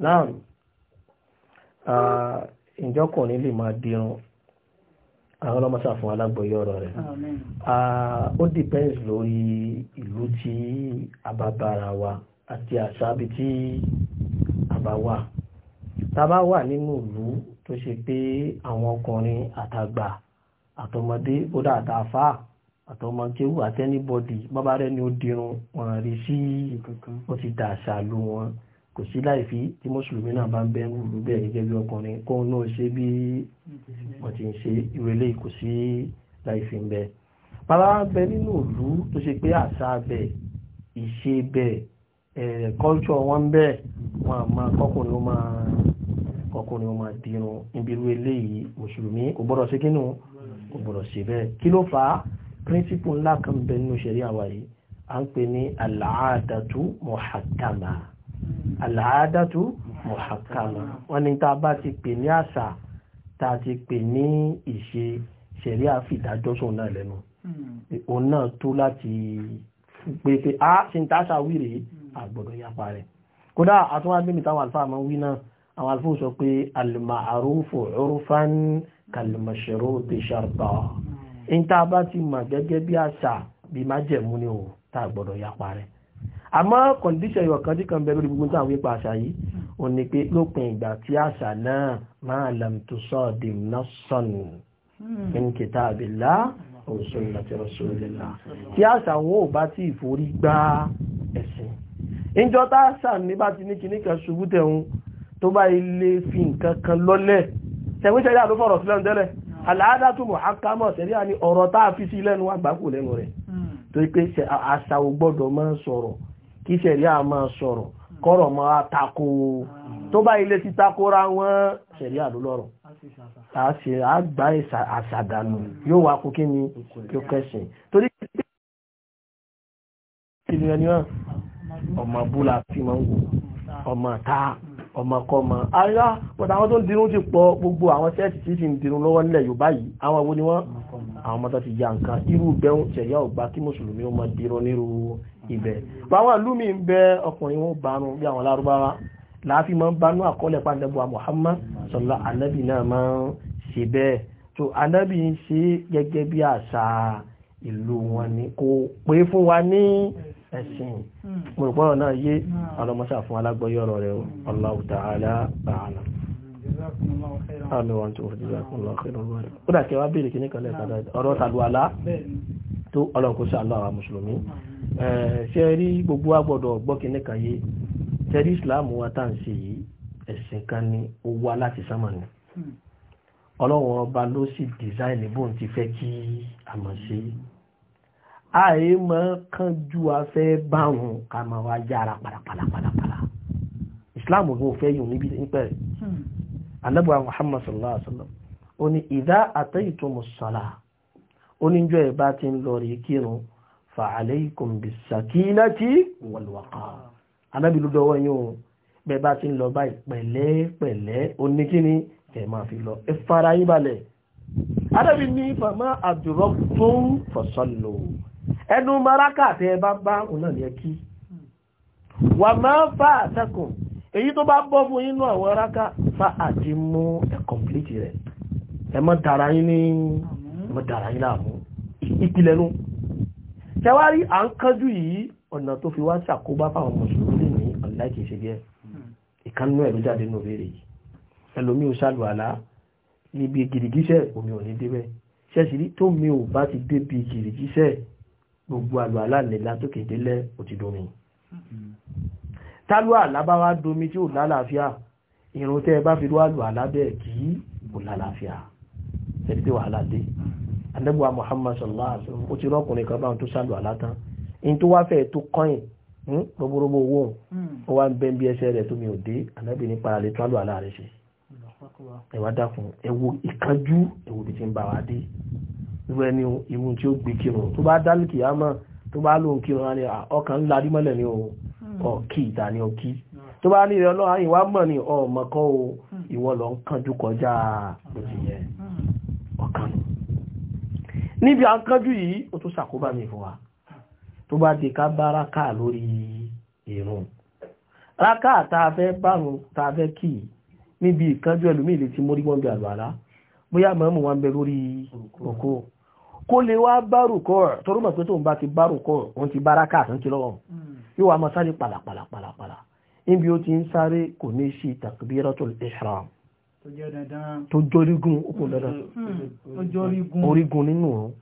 Speaker 2: now lè máa àwọn ọlọ́mọ́sà fún wa ọ̀rọ̀ rẹ̀ ó depends lórí ìlú tí a bá bára wa àti àṣà bí tí a bá tàbá wà nínú ìlú tó ṣe pé àwọn ọkùnrin àtàgbà àtọmọdé kódà àtàfà àtọmọkéwù àtẹnibọdì bàbá rẹ ni ó dirun wọn rí sí ó ti dàṣà lu wọn kò sí láìfí tí mùsùlùmí náà bá ń bẹ ní ìlú bẹ́ẹ̀ gẹ́gẹ́ bí ọkùnrin kó ń náà ṣe bí wọ́n ti ń ṣe ìrẹ̀lẹ̀ kò sí láìfí ń bẹ. bàbá bẹ nínú ìlú tó ṣe pé àṣà bẹ ìṣe bẹ ẹ̀rẹ̀ eh, kọ́ńtọ̀ wọn bẹ wọn àmọ́ akọ́kùnrin ó máa ọkùnrin ó máa dirun níbi irú eléyìí mùsùlùmí kò gbọ́dọ̀ ṣe kínú kò gbọ́dọ̀ ṣe bẹ́ẹ̀ kí ló fà á píríncípù ńlá kan bẹ nínú ṣẹ̀rí àwa yìí à ń pè ní al-aadatu muhakkama al wọ́n ní tá a bá ti pè ní àṣà tá a ti pè ní ìṣe ṣẹ̀rí àfìdájọ́sùn náà lẹ́nu òun náà tó láti pé pé a ṣe ń táṣà wíìrì àgbọ̀dọ̀ yapa rẹ̀ kódà àtúnwá bímí táwọn àlùfáà máa ń wí náà àwọn alfóò sọ pé alìmàárúfò orúfán kalmashiro ti ṣàrtọ̀ in hmm. tá a bá ti mà gẹ́gẹ́ bí àṣà bí má jẹ̀mú ni ò tá a gbọ́dọ̀ yapa rẹ̀ àmọ́ kọ̀ndíṣẹ̀ ìwọ̀kan tí kan bẹ lórí gbogbo táwọn ipa àṣà yìí ò ní pé lópin ìgbà tí àṣà náà máa lam tó sọ dim ní bá tó bá ilé fi nǹkan kan lọ́lẹ̀ tẹ̀wé ṣẹ̀rí àló fọ̀rọ̀ sílẹ̀ tẹ́lẹ̀ àlàádá hmm. tó mọ̀ ákámọ̀ ṣẹ̀rí à ọ̀rọ̀ tá a fi sí lẹ́nu àgbákò lẹ́nu rẹ̀ hmm. tó pé àṣà ò gbọ́dọ̀ máa sọ̀rọ̀ kí ṣẹ̀rí à máa sọ̀rọ̀ kọ́rọ̀ máa tako hmm. tó bá ilé ti takora wọn ṣẹ̀rí àló lọ́rọ̀ àgbá àṣàdànù yóò ni kí ó kẹsìn torí ìlú ẹni ọmọ fi máa ń wò ọmọ táà ọmọkọmọ ayá pọ̀tà àwọn tó ń dirun ti pọ̀ gbogbo àwọn sẹ́ẹ̀tì tí ti ń dirun lọ́wọ́ nílẹ̀ Yorùbá yìí àwọn wo ni wọ́n àwọn ọmọ ti ya nǹkan irú bẹ́hùn ṣẹ̀yà ọ̀gbá kí mùsùlùmí ó mọ dirun nírú ibẹ̀ báwọn ìlú mi ń bẹ ọkùnrin wọn banu bí àwọn lárúbáwá láàfin máa ń banú àkọọ́lẹ̀ pàǹdẹ́bùwà Muhammad sọlá anábì náà máa ń ṣe bẹ́ẹ̀ tó anábì ń ṣe gẹ́gẹ́ bí àṣà ìlú wọn ni kò pé fún wa ní ẹ̀sìn mọ̀rùpọ̀rọ̀ hmm. náà yé alọ́mọ́sà hmm. fún alágbọ́yé ọ̀rọ̀ rẹ̀ Allahu ta'ala bàánà àmìwọ̀n tó fòdí ìzákùnlọ́ ó dà kẹwàá bèèrè kí ní kan lẹ́ẹ̀kadà ọ̀rọ̀ tàlúwàlá tó ọlọ́nkóṣà aláwà mùsùlùmí hmm. ṣe rí gbogbo agbọ́dọ̀ gbọ́ kí ní kan yé ṣe rí ìsìláàmù wa àì mọ́ kánjú afẹ́ báwọn ká máa wá yára pàlàpàlàpàlà islam ò fẹ́ yùn níbi nípa rẹ̀ anábùwà hmm. muhammad sallallahu alaihi wa sallam ó ní ìdá àtẹ́yìtòmù sọ́lá ó ní jọ ìbá ti ń lọ rí kírun fa alaykum bis sakinati wal waqar anábì ló dọwọ́ yín o bẹ́ẹ̀ bá ti ń lọ báyìí pẹ̀lẹ́pẹ̀lẹ́ ó ní kíni kẹ̀ máa fi lọ ẹ fara yín balẹ̀ anábì ní fama àdúrà fún fasallu ẹnu maraka tẹ́ bá bá òun náà yẹ kí wà máa fà àtẹ́kùn èyí tó bá bọ́ fún inú àwọn raka fa àti mú ẹ̀ kọ̀m̀plìtì rẹ̀ ẹ má dára yín ní ẹ má dára yín láàmú ìpìlẹ̀ nú tẹwárí à ń kánjú yìí ọ̀nà tó fi wá ṣàkóbá fáwọn mùsùlùmí ní ọ̀nà kìí ìkánú ẹ̀ gbogbo àlọ́ aláàlẹ́ látòkè délẹ̀ ó ti domi tálù àlábáwá domi tí ò lálàáfíà ìrùn tẹ́ bá fi rúwàlù alábẹ́ kí ò lálàáfíà ẹni pé wàhálà dé mm. anẹ́bùwà Muhammad sallallahu alaihi wasallam ó ti rọ́kùnrin kan báwọn tó sálù àlátán in tó wá fẹ́ tó kọ́yìn gbogbogbò hmm, owó mm. ó wá ń bẹ́ bí ẹsẹ̀ rẹ̀ tó mi ò dé anẹ́bì irú ni ìmú tí ó gbé kírun tó bá dálùkì àmọ́ tó bá lóun kírun àní ọkàn ńlá dímọ́lẹ̀ ní ohun hmm. ọ̀kí ìta ní ọkí tó bá ní ìrẹ́lọ́ àyìn wá o hmm. ìwọ lọ ń kánjú kọjá lójú yẹn hmm. ọkàn níbi à ń kánjú yìí ó tó ṣàkóbá mi fún wa tó bá di ká bá rákà lórí ìrun rákà tá a fẹ́ bárun tá a fẹ́ kì níbi ìkánjú ẹlòmíì lè ti mórí wọn bí àlọ́ àlá bóyá mọ̀ọ́mù wọn bẹ lórí òkú kó lè wá bárùkọ́ ọ̀ torí mọ̀ pé tóun bá ti bárùkọ́ ọ̀ òun ti bára káàkiri ti lọ́wọ́ hmm. yóò wá máa sáré pàlàpàlàpàlà níbi ó ti ń sáré kò ní ṣe takbiratul ihram
Speaker 1: tó jọrígun okùn hmm.
Speaker 2: dandan
Speaker 1: hmm. orígun
Speaker 2: nínú òun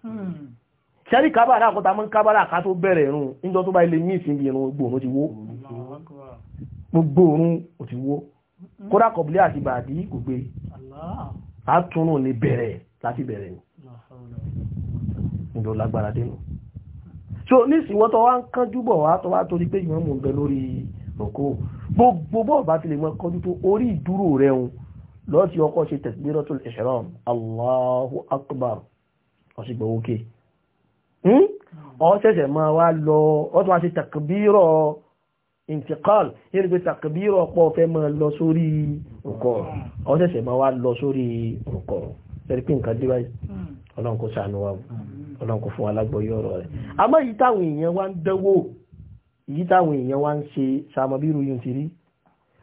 Speaker 2: sẹ́rí kábàrà àkọta mọ́ kábàrà ká tó bẹ̀rẹ̀ irun níjọ́ tó bá ilé ní ìsinmi irun gbogbo ti wó gbogbo òun ò ti wó kódà kọ̀bílẹ̀ àti bàdí kò gbé àtúnrún ní bẹ̀rẹ̀ láti bẹ̀rẹ̀ ni lọ lágbára dénú so nísìnyí tó wá ń kánjú bọ̀ wá tó wá torí pé ìmọ̀ mò ń bẹ lórí òkú gbogbo bọ́ọ̀ bá ti lè mọ kọjú tó orí ìdúró rẹ̀ ń lọ́ọ̀tí ọkọ̀ ṣe takbiratul ihram Allahu akbar ọ̀sìgbọ̀ òkè ọ̀ṣẹ̀ṣẹ̀ hmm? máa wá lọ ọ̀tún wá ṣe takbírọ̀ intikal yẹ́rì pé takbírọ̀ pọ̀ fẹ́ máa lọ sórí òkọ̀ ọ̀ṣẹ̀ṣẹ̀ máa ẹ̀rí pé nǹkan dé báyìí hmm. ọlọ́run kò ṣàánú wa hmm. ọlọ́run kò fún wa lágbọ́yé ọ̀rọ̀ rẹ̀ àmọ́ èyí táwọn èèyàn wá ń dánwò èyí táwọn èèyàn wá ń ṣe sàmọ́ bí irun yìí ti rí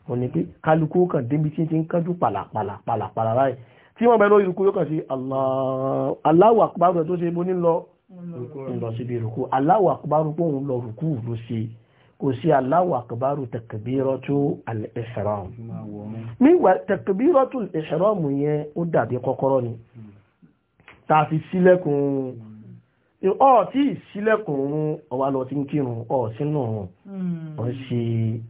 Speaker 2: ò ní pé kálukú kan débi tí ti ń kánjú pàlàpàlà pàlàpàlà láì tí wọ́n bẹ lórí yóò kàn sí Allahu Akbar tó ṣe bó ní lọ lọ síbi irukú Allahu Akbar pé òun lọ rukú ló ṣe kò sí Allahu akbaru takbiratu al-ihram nígbà takbiratu al-ihram yẹn ó dàbí kọ́kọ́rọ́ ni ta fi sílẹ̀kùn ọ̀ tí sílẹ̀kùn ọwà lọ tí ń kírun ọ̀ sínú
Speaker 3: hmm. ọ̀
Speaker 2: ṣe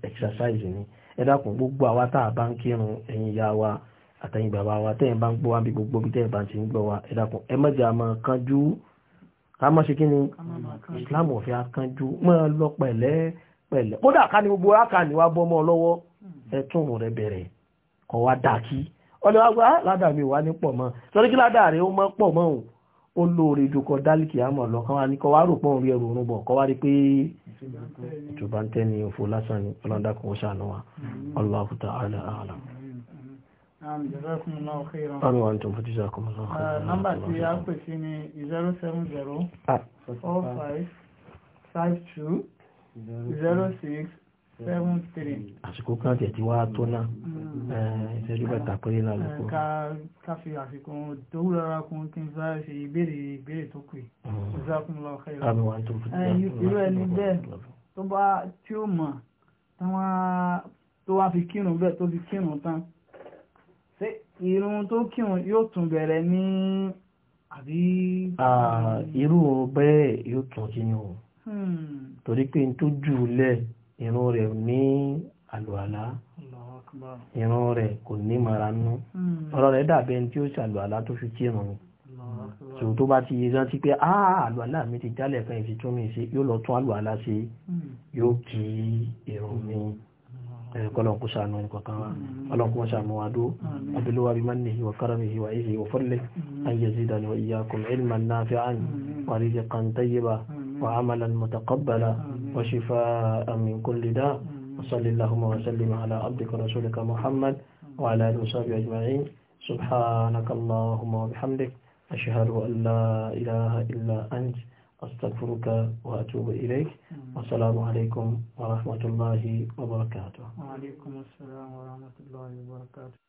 Speaker 2: exercise ni ẹ gbogbo àwa tá bá ń kírun ẹ̀yin ya wa àtẹ̀yìn bàbá wa tẹ́yìn bá ń gbọ́ wa bí gbogbo bí tẹ́yìn bá ti ń gbọ́ wa ẹ ẹ mọ́jà máa kánjú ká mọ́ ṣe kí ni Islam ọ̀fẹ́ akánjú máa lọ pẹ̀lẹ́ pẹ̀lẹ́ kódà ká ní gbogbo ráka ní wá bọ́mọ lọ́wọ́ ẹ̀tún rẹ̀ bẹ̀rẹ̀ kọ̀ wá dà kí ọlẹ́ wá gbá ah, ládà mi wá ní pọ̀ mọ́ sọ́rí kí ládà rẹ̀ ó mọ́ pọ̀ mọ́ òun ó lóore ju kọ dálìkì àmọ̀ lọ kan wá ní kọ́ wá rò pọ̀ rí ẹrù òun bọ̀ kọ́ wá rí pé ìjọba ń tẹ́ ni lásán ni ọlọ́dà kan ṣàánú wa Allahu ta'ala a'lam.
Speaker 1: Àmì wà zero six seven three.
Speaker 2: àsìkò kan tiẹ̀ ti wá tó náà hmm. ìṣẹ́jú mẹ́ta péré náà lóko. ká
Speaker 1: ká fi àfikún tòun rárá kún kí n sáré ṣe ìbéèrè ìbéèrè tó kù yìí hmm. jazakumullahu khairan. àmì wà ń tó fún mi. irú ẹni bẹ́ẹ̀ tó bá tí ó mọ̀ tó wá fi kírun bẹ́ẹ̀ tó fi kírun tán ṣé irun tó kírun yóò tún bẹ̀rẹ̀ ní àbí.
Speaker 2: irú bẹ́ẹ̀ yóò tún kí ni o. Hmm. torí pé n tó jù lẹ̀ irun rẹ̀ ní àlùalá irun rẹ̀ kò ní mara nú hmm. ọ̀rọ̀ rẹ̀ dàbí tí ó ṣàlùalá tó fi kírun ni so tó bá ti rántí pé àlùalá mi ti jálẹ̀ kan ìfi tún mi ṣe yóò lọ tún àlùalá ṣe hmm. yóò kí irun mi kọlọ̀kú sànú ẹnìkọ̀kan wa kọlọ̀kú wọn sànú wa dó abdulluwa bí manni wa karamihi wa ihi wa fadlihi an yazidani wa iyyakum ilman nafi'an وعملا متقبلا وشفاء من كل داء وصل اللهم وسلم على عبدك ورسولك محمد وعلى آله وصحبه أجمعين سبحانك اللهم وبحمدك أشهد أن لا إله إلا أنت أستغفرك وأتوب إليك والسلام عليكم ورحمة الله وبركاته
Speaker 1: وعليكم السلام ورحمة الله وبركاته